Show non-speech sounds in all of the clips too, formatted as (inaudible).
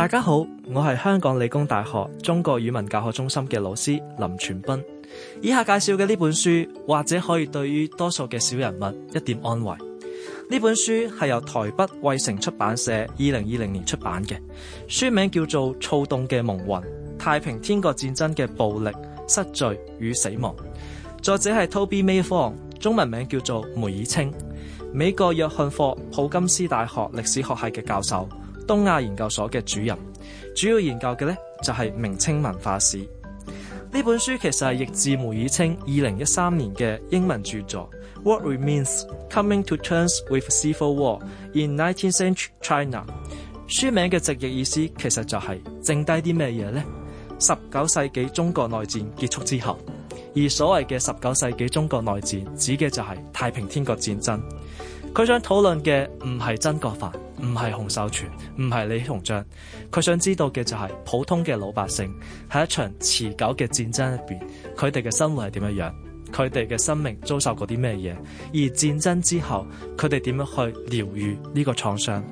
大家好，我係香港理工大學中國語文教學中心嘅老師林傳濱。以下介紹嘅呢本書，或者可以對於多數嘅小人物一點安慰。呢本書係由台北衛城出版社二零二零年出版嘅，書名叫做《躁動嘅亡魂：太平天國戰爭嘅暴力、失序與死亡》。作者係 Tobie Meyer-Fong，中文名叫做梅爾清，美國約翰霍普金斯大學歷史學系嘅教授。東亞研究所嘅主任，主要研究嘅呢就係、是、明清文化史。呢本書其實係譯自梅爾清二零一三年嘅英文著作《What Remains Coming to Terms with Civil War in 19th Century China》。書名嘅直譯意思其實就係剩低啲咩嘢呢？十九世紀中國內戰結束之後，而所謂嘅十九世紀中國內戰指嘅就係太平天國戰爭。佢想討論嘅唔係曾國藩。唔係洪秀全，唔係李鴻章，佢想知道嘅就係普通嘅老百姓喺一場持久嘅戰爭入邊，佢哋嘅生活係點樣樣，佢哋嘅生命遭受過啲咩嘢？而戰爭之後，佢哋點樣去療癒呢個創傷？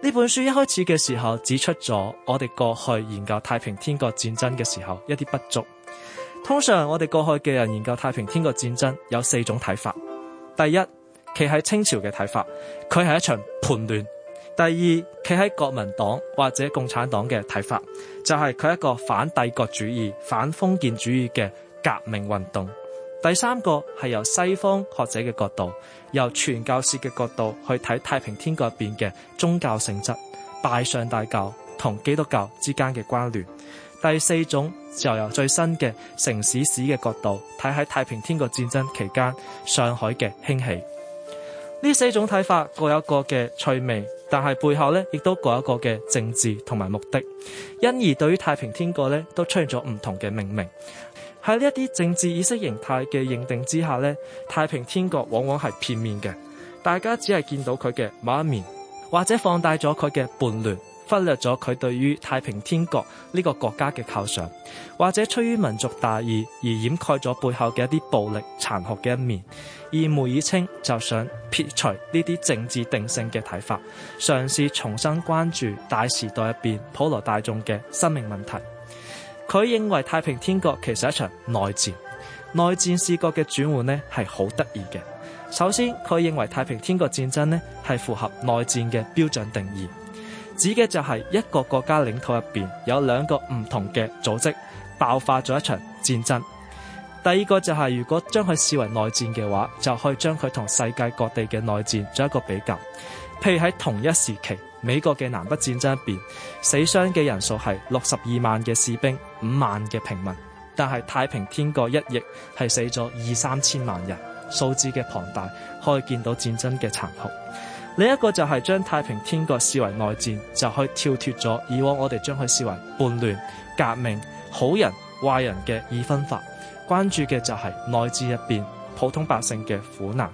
呢本書一開始嘅時候指出咗，我哋過去研究太平天國戰爭嘅時候一啲不足。通常我哋過去嘅人研究太平天國戰爭有四種睇法。第一，企喺清朝嘅睇法，佢係一場叛亂；第二，企喺國民黨或者共產黨嘅睇法，就係佢係一個反帝國主義、反封建主義嘅革命運動；第三個係由西方學者嘅角度，由傳教士嘅角度去睇太平天國入邊嘅宗教性質、拜上帝教同基督教之間嘅關聯。第四種就由最新嘅城市史嘅角度睇喺太平天國戰爭期間上海嘅興起，呢四種睇法各有各嘅趣味，但係背後呢亦都各有各嘅政治同埋目的，因而對於太平天國呢，都出現咗唔同嘅命名。喺呢一啲政治意識形態嘅認定之下呢，太平天國往往係片面嘅，大家只係見到佢嘅某一面，或者放大咗佢嘅叛亂。忽略咗佢對於太平天國呢個國家嘅構想，或者出於民族大義而掩蓋咗背後嘅一啲暴力殘酷嘅一面，而梅爾清就想撇除呢啲政治定性嘅睇法，嘗試重新關注大時代入邊普羅大眾嘅生命問題。佢認為太平天國其實係一場內戰，內戰視角嘅轉換呢係好得意嘅。首先，佢認為太平天國戰爭呢係符合內戰嘅標準定義。指嘅就係一個國家領土入邊有兩個唔同嘅組織爆發咗一場戰爭。第二個就係如果將佢視為內戰嘅話，就可以將佢同世界各地嘅內戰做一個比較。譬如喺同一時期，美國嘅南北戰爭入邊，死傷嘅人數係六十二萬嘅士兵，五萬嘅平民，但係太平天國一役係死咗二三千萬人，數字嘅龐大可以見到戰爭嘅殘酷。另一個就係將太平天國視為內戰，就去跳脱咗以往我哋將佢視為叛亂、革命、好人、壞人嘅二分法，關注嘅就係內戰入邊普通百姓嘅苦難。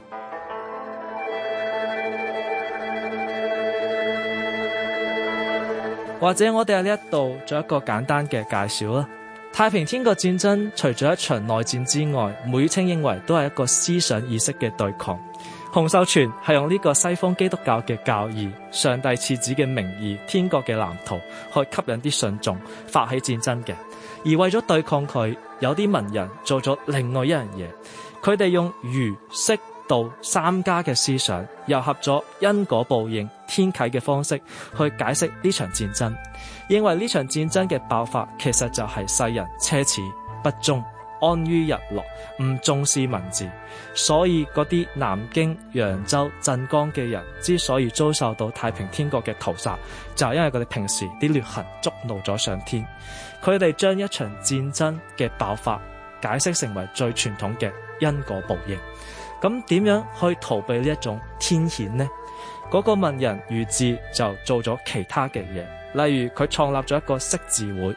或者我哋喺呢一度做一個簡單嘅介紹啦。太平天國戰爭除咗一場內戰之外，梅爾清認為都係一個思想意識嘅對抗。洪秀全係用呢個西方基督教嘅教義、上帝次子嘅名義、天國嘅藍圖去吸引啲信眾，發起戰爭嘅。而為咗對抗佢，有啲文人做咗另外一樣嘢，佢哋用儒釋道三家嘅思想，糅合咗因果報應、天啟嘅方式去解釋呢場戰爭，認為呢場戰爭嘅爆發其實就係世人奢侈不忠，安於日落，唔重視文字，所以嗰啲南京、揚州、鎮江嘅人之所以遭受到太平天國嘅屠殺，就係因為佢哋平時啲劣行觸怒咗上天。佢哋將一場戰爭嘅爆發解釋成為最傳統嘅因果報應。咁點樣去逃避呢一種天譴呢？嗰個文人如志就做咗其他嘅嘢，例如佢創立咗一個識字會，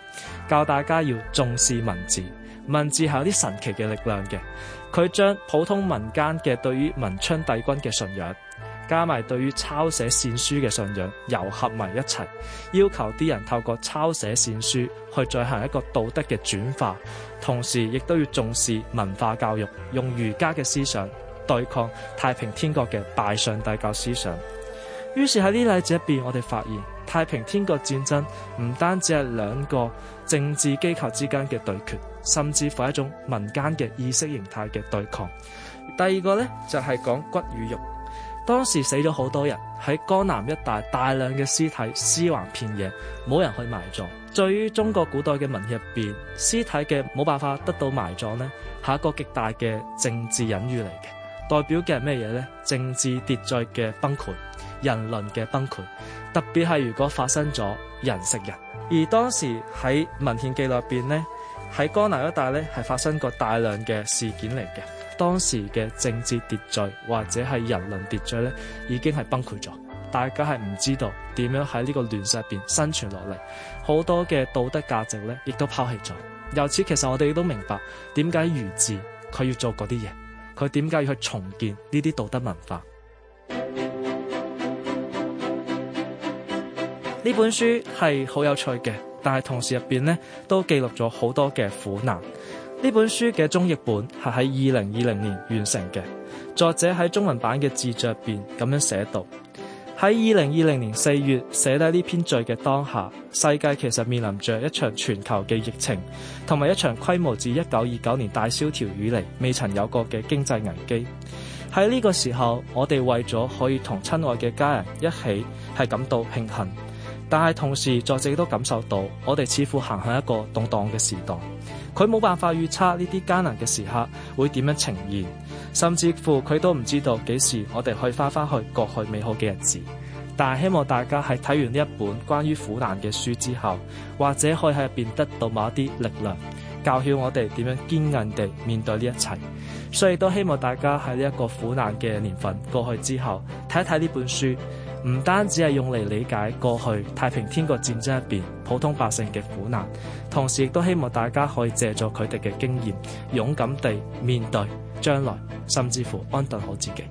教大家要重視文字。文字係有啲神奇嘅力量嘅，佢將普通民間嘅對於文昌帝君嘅信仰，加埋對於抄寫善書嘅信仰，糅合埋一齊，要求啲人透過抄寫善書去進行一個道德嘅轉化，同時亦都要重視文化教育，用儒家嘅思想對抗太平天國嘅拜上帝教思想。於是喺呢例子入邊，我哋發現太平天國戰爭唔單止係兩個政治機構之間嘅對決。甚至乎一種民間嘅意識形態嘅對抗。第二個呢，就係、是、講骨與肉，當時死咗好多人喺江南一帶，大量嘅屍體屍橫遍野，冇人去埋葬。對於中國古代嘅文獻入邊，屍體嘅冇辦法得到埋葬呢，係一個極大嘅政治隱喻嚟嘅，代表嘅係咩嘢呢？政治秩序嘅崩潰，人倫嘅崩潰，特別係如果發生咗人食人，而當時喺文獻記錄入邊呢。喺江南一帶咧，係發生過大量嘅事件嚟嘅。當時嘅政治秩序或者係人倫秩序咧，已經係崩潰咗。大家係唔知道點樣喺呢個亂世入邊生存落嚟。好多嘅道德價值咧，亦都拋棄咗。由此，其實我哋亦都明白點解儒者佢要做嗰啲嘢，佢點解要去重建呢啲道德文化。呢 (music) 本書係好有趣嘅。但係同時入邊呢，都記錄咗好多嘅苦難。呢本書嘅中譯本係喺二零二零年完成嘅。作者喺中文版嘅自序入邊咁樣寫到：喺二零二零年四月寫低呢篇序嘅當下，世界其實面臨着一場全球嘅疫情，同埋一場規模自一九二九年大蕭條以嚟，未曾有過嘅經濟危機。喺呢個時候，我哋為咗可以同親愛嘅家人一起，係感到慶幸。但係同時，作者都感受到，我哋似乎行喺一個動盪嘅時代。佢冇辦法預測呢啲艱難嘅時刻會點樣呈現，甚至乎佢都唔知道幾時我哋可以翻翻去過去美好嘅日子。但係希望大家喺睇完呢一本關於苦難嘅書之後，或者可以喺入邊得到某一啲力量，教曉我哋點樣堅韌地面對呢一切。所以都希望大家喺呢一個苦難嘅年份過去之後，睇一睇呢本書。唔單止係用嚟理解過去太平天國戰爭入邊普通百姓嘅苦難，同時亦都希望大家可以借助佢哋嘅經驗，勇敢地面對將來，甚至乎安頓好自己。